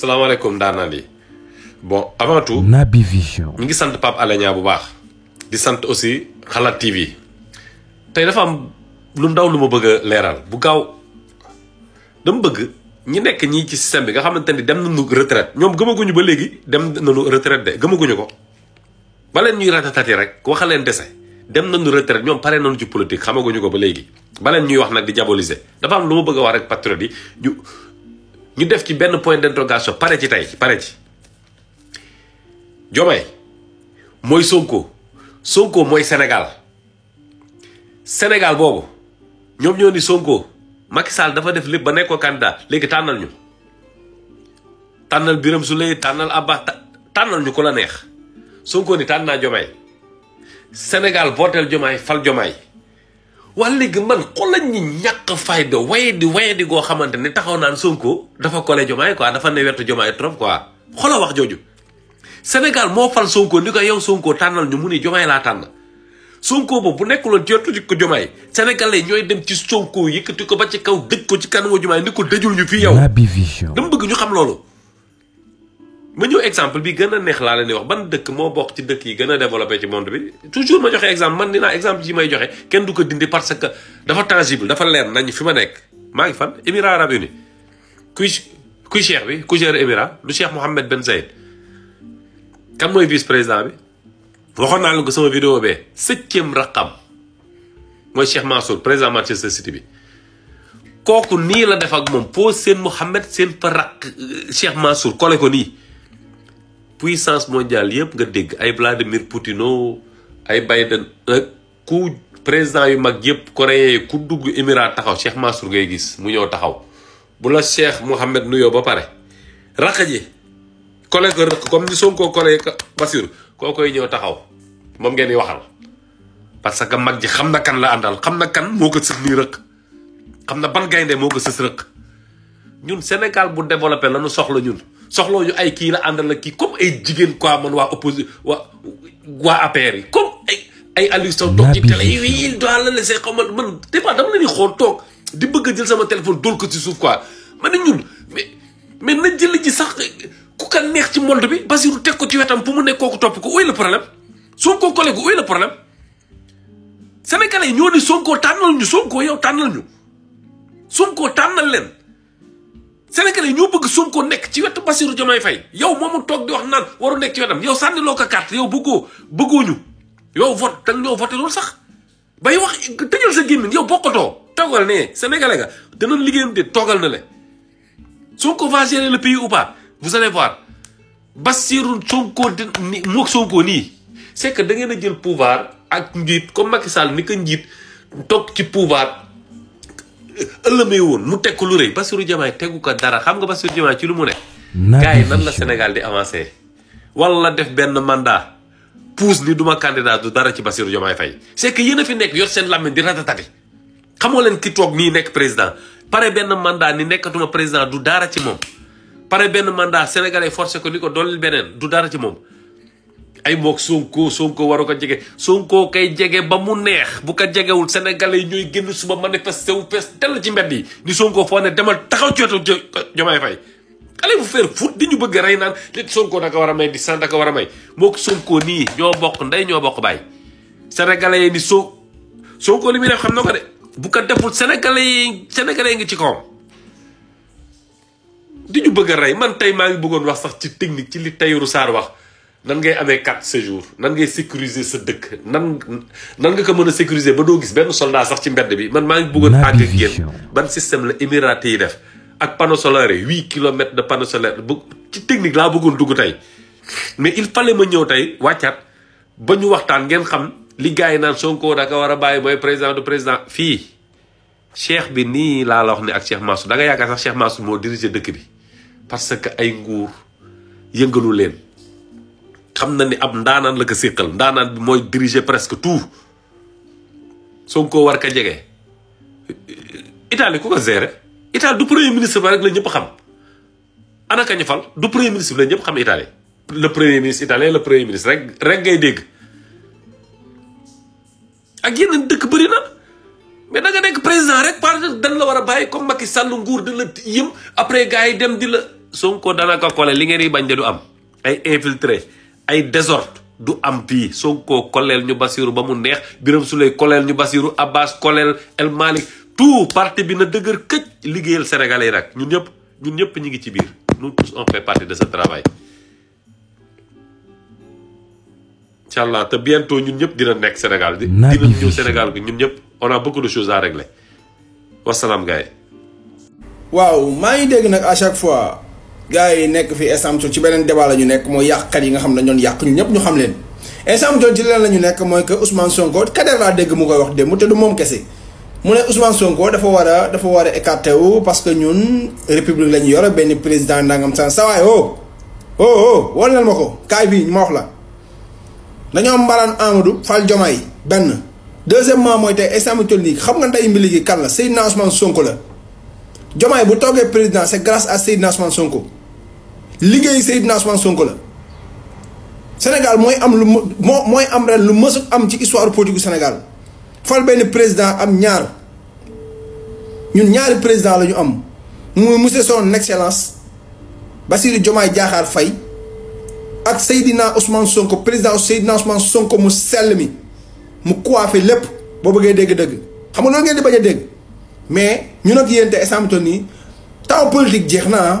salaamaaleykum daanaan yi bon avant tout Naby fii ñu ngi sant Pape Alé Niang bu baax di sant aussi Xalaat TV tey dafa am lu ndaw lu ma bëgg a leeral bu gaaw dam bëgg ñi nekk ñii ci système bi nga xamante ni dem nañu retraite ñoom gëmaguñu ba léegi dem nañu retraite de gëmaguñu ko ba leen ñuy ratatati rek waxaleen dese dem nañu retraite ñoom pare nañu ci politique xamaguñu ko ba léegi ba ñuy wax nag di diaboliser dafa am lu ma bëgg a wax rek patriote yi ñu def ci benn point d'interrogation pare ci tey pare ci Diomaye mooy Sonko Sonko mooy Sénégal Sénégal boobu ñoom ñoo ni Sonko Macky Sall dafa def lépp ba nekkoo candidat léegi tànnal ñu tànnal Birame Souleye tànnal Abba tànnal ñu ko la neex Sonko ni tànn naa Diomaye Sénégal booteel Diomaye fal Diomaye waa léegi man xoolal ñi ñàkk fayda waye di waye di goo xamante ne taxaw naan Sonko dafa kole jomaay quoi dafa ne wetu jomaay trop quoi xoolal wax jooju Sénégal moo fal Sonko ni ko yow Sonko tànnal ñu mu ni jomaay laa tànn Sonko boobu bu nekkuloon teetu ci ko jomaay sénégalais ñooy dem ci Sonko yëkkati ko ba ci kaw dëj ko ci kanamu jomaay ni ko dëjul ñu fii yow dama bëgg ñu xam loolu ma ñëw exemple bi gën a neex laa leen di wax ban dëkk moo bokk ci dëkk yi gën a développé ci monde bi toujours ma joxe exemple man dinaa exemple yi may joxe kenn du ko dindi parce que dafa tangible dafa leer nañ fi ma nekk maa ngi fan Émirats arabes unis kuy kuy cheikh bi ku gère émirat du cheikh Mohammed Ben Zayed kan mooy vice président bi waxoon naa leen ko sama vidéo bee septième raqam mooy cheikh Mansour président Manchester City bi kooku nii la def ak moom pose seen Mohammed seen fa raq euh, cheikh Mansour ko nii puissance mondiale yépp nga dégg ay Vladimir Poutine ay Biden euh, ku président yu mag yëpp coréen yi ku dugg émirat taxaw Cheikh Mansour ngay gis mu ñëw taxaw bu la Cheikh Mohammed nuyoo ba pare raq ji kole ko rëq comme ni Sonko kole ko basir koo koy ñëw taxaw moom ngeen waxal parce que mag ji xam na kan la andal, xam na kan moo ko sës nii rëq xam na ban gaynde moo ko sës rëq ñun Sénégal bu développé la soxla ñun soxlo yu ay ki la andal la kii comme ay jigen quoi man wa opposé wa wa APR comme ay ay allusion tok ci télé yi il doit la laisser comme man té pas dama la ni xol tok di bëgg jël sama téléphone dóol ko ci souf quoi man ñun mais mais na jël ci sax ku ka neex ci monde bi Basirou tek ko ci wétam fu mu nekk koku top ko oui le problème ko collègue oui le problème sénégalais ñoo ni ko tanal ñu ko yow tanal ñu ko tanal len Sénégalais ñoo bëgg ko nekk ci wetu Bassirou Diomaye fay yow moomu toog di wax naan waru nekk ci wetam yow sànni loo ko carte yow bëggoo bëggooñu yow vote da nga ñoo voté loolu sax bay wax tëjal sa gémmiñ yow bokkatoo toogal ne Sénégalais nga danañ liggéeyam de toogal na le Sonko va gérer le pays ou pas vous allez voir Bassirou Sonko di moog Sonko nii c'est que da ngeen a jël pouvoir ak njiit comme Macky Sall ni ko njiit toog ci pouvoir ëllëmee woon mu teg ko lu rëy Bassirou Diomaye tegu ko dara xam nga Bassirou Diomaye ci lu mu ne. gars yi nan la Sénégal di avancé. wala def benn mandat puus ni duma candidat du dara ci Bassirou Diomaye Faye c'est que yéen a fi nekk yor seen làmmiñ di ratatati xamoo leen ki toog nii nekk président pare benn mandat ni nekkatuma président du dara ci moom. pare benn sénégal sénégalais forcé ko ni ko dool beneen du dara ci moom. ay mok Sonko Sonko waro ko jégué Sonko kay jégué ba mu neex bu ko wul sénégalais yi ñooy suba manifesté wu fess tel ci mbedd yi ni Sonko foo ne demal taxaw ci yottu jomay e fay allez bu fer foot di ñu bëgg ray naan li Sonko da ko may di sant da ko may mok Sonko ni ño bok nday ño bok bay sénégalais ni so Sonko def xam na ko bu ko deful sénégalais sénégalais nga ci di ñu bëgg ray man tay ma ngi bëggon wax sax ci technique ci li tayru sar wax nan ngay amee carte séjour nan ngay sécuriser sa dëkk nan nan nga ko mën a sécuriser ba doo gis benn soldat sax ci mbedd bi man maa ngi bëggoon àgg ak yéen ban système la émirats ak panneau solaire yi kilomètres de panneau bu ci technique laa bëggoon dugg tey mais il fallait ma ñëw tey wàccaat ba ñu waxtaan ngeen xam li gars yi naan Sonko da nga war a bàyyi mooy président du président fii cheikh bi nii laa la wax ne ak Cheikh Mansour da yaakaar sax Cheikh Mansour moo diriger dëkk bi parce que ay nguur yëngalu leen xam na ni ab ndaanaan la ko sekkal ndaanaan bi mooy diriger presque tout ko war ka jege Italie ku ko gérer Italie du premier ministre ba rek la ñëpp xam ana ka fal du premier ministre la ñëpp xam Italie le premier ministre italien le premier ministre rek rek ngay dégg ak yeneen dëkk bëri na mais da nga nekk président rek par dañ la war a bàyyi comme Macky Sall nguur di la yim après gars yi dem di la Sonko dana ko kole li ngeen di bañ de du am ay infiltré ay désordre du am fii Sonko koleel ñu Basiru ba mu neex Biram Suley koleel ñu Basiru Abbas koleel El Malick tout parti bi na dëgër këj liggéeyal Sénégalais yi rek ñun ñëpp ñun ñëpp ñu ngi ci biir nous tous on fait partie de ce travail. incha allah te bientôt ñun ñëpp dina nekk Sénégal. dina ñëw Sénégal bi ñun ñëpp on a beaucoup de à régler wasalaam gars waaw maa dégg nag à chaque fois. gars yi nekk fi Instant Moon ci beneen débat la ñu nekk mooy yàqkat yi nga xam ne dañu doon yàq ñun ñëpp ñu xam leen Instant Moon ci leen la nekk mooy que Ousmane Sonko Kader laa dégg mu koy wax démb te du moom kese mu ne Ousmane Sonko dafa war a dafa war a écarté wu que ñun république la ñu yore benn président ndangam san sawaay o oh, oo oh, o oh, wal nel ma ko kaay bii ma wax la dañoo mbalaan Amadou Fall Diomaye benn deuxièmement mooy tey Instant Moon nii xam nga nday mbili gi kan la Seydina Ousmane Sonko la Diomaye bu toogee président c'est grâce à Seydina Ousmane Sonko liggéey Seydina Ousmane Sonko la Sénégal mooy am lu moo mooy am ren lu mësul am ci histoire politique Sénégal fal benn président am ñaar ñun ñaari président lañu am muy monsieur son excellence Bassirou Diomaye Diakhar fay ak Seydina Ousmane sonk président Seydina Ousmane Sonko mu sell mi mu coiffé lépp boo bëggee dégg-dégg xam nga loolu ngeen di bañ a dégg mais ñu ak yéen te nii temps politique jeex naa ah.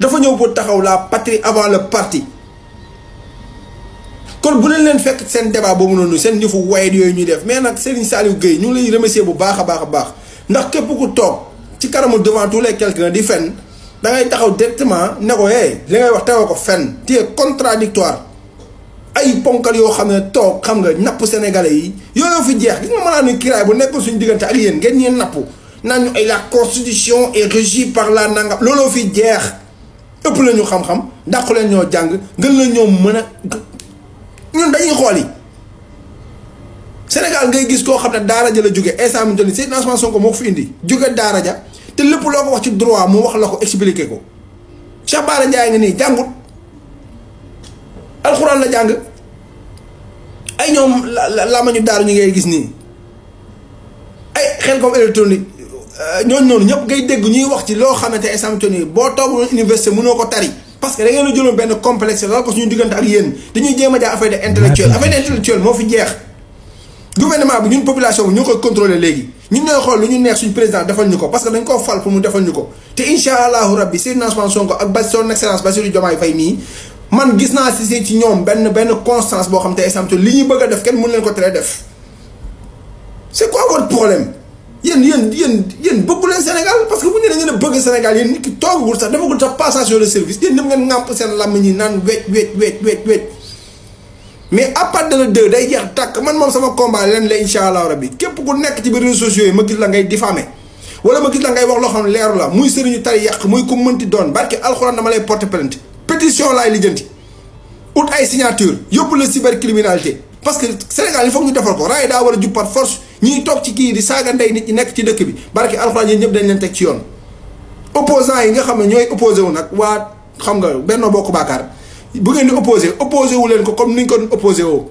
dafa ñëw bu taxaw la patrie avant le parti kon bu leen leen fekk seen débat boobu noonu seen ñëfu wayet yooyu ñuy def mais nag Serigne Saliou Gueye ñu ngi lay remercier bu baax a baax a baax ndax képp ku toog ci kanamu devant tous les quelqu'un di fenn da ngay taxaw directement ne ko hey li ngay wax tegoo ko fenn te contradictoire ay ponkal yoo xam ne toog xam nga napp sénégalais yi yooyu fi jeex gis nga mën naa nuy kiraay bu nekkoon suñu diggante ak yéen ngeen ñeen napp naan ñu ay la constitution est régie par la nangam looloo fi jeex ëpp la ñu xam-xam dàqu leen ñoo jàng gën la ñoo mën a ñun dañuy xool yi Sénégal ngay gis koo xam ne daara ja la jóge instant mu joni Seydina Ousmane Sonko moo ko fi indi jóge daara ja te lépp loo ko wax ci droit mu wax la ko expliqué ko Cheikh Bara Ndiaye nga nii jàngut alxuraan la jàng ay ñoom la la ñu daara ñu ngay gis nii ay xel comme électronique Euh, ñooñu noonu ñëpp ngay dégg ñuy wax ci loo xamante ne nii boo toogul université mënoo ko tari parce que da ngeen a jëloon benn complexe lal ko suñu diggante ak yéen dañuy jéem a jaar affaire de intellectuel affaire de intellectuel moo fi jeex gouvernement bi ñun population bi ñoo koy contrôler léegi ñun ñooy xool lu ñu neex suñu président defal ñu ko parce que dañ koo fal pour mu defal ñu ko te incha allahu rabbi si ci ñoom benn benn constance boo xam te exemple li ñuy bëgg a def kenn ko tere def c'est quoi yen yen yen yen bëggu en Sénégal parce que bu ñu nee ngeen a bëgg Sénégal yen nit ki wul sax defagul sax passation de service yen ñëpp ngeen ngamp sen làmm ñi naan wecc wecc wecc wecc wecc mais à part de le deux day jeex tak man mom sama combat leen la inshallah allah rabi képp ku nekk ci biir réseaux sociaux ma gis la ngay difamé wala ma gis la ngay wax lo xam leeru la muy sëriñu tay yàq muy ku mënti doon barke alcorane dama lay porter plainte pétition lay lijeenti out ay signature yobul le cybercriminalité parce que Sénégal il faut ñu défal ko raay da wara a par force ñii toog ci kii di saaga ndey nit ñi nekk ci dëkk bi barki alxuraan yi ñëpp dañ leen teg ci yoon opposant yi nga xam ne ñooy opposé wu nag waa xam nga Benno Bokk Yaakaar bu ngeen di opposé opposé wu leen ko comme ñu ko opposé woo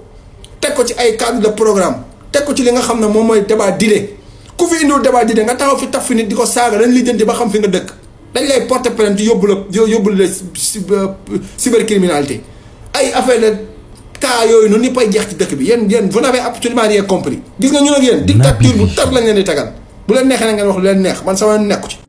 teg ko ci ay cadre de programme teg ko ci li nga xam ne moom mooy débat d'idées ku fi indiwul débat d'idées nga taxaw fi taf fi nit di ko saaga dañ lijjanti ba xam fi nga dëkk dañ lay porter plainte yóbbu la yóbbu la euh, cybercriminalité ay affaire cas yooyu noonu ñëpp ay jeex ci dëkk bi yéen yéen vous n'avez absolument rien compris gis nga ñun ak yéen dictature bu tar lañ leen di tagal bu leen neexee na ngeen wax lu leen neex man sama nekku ci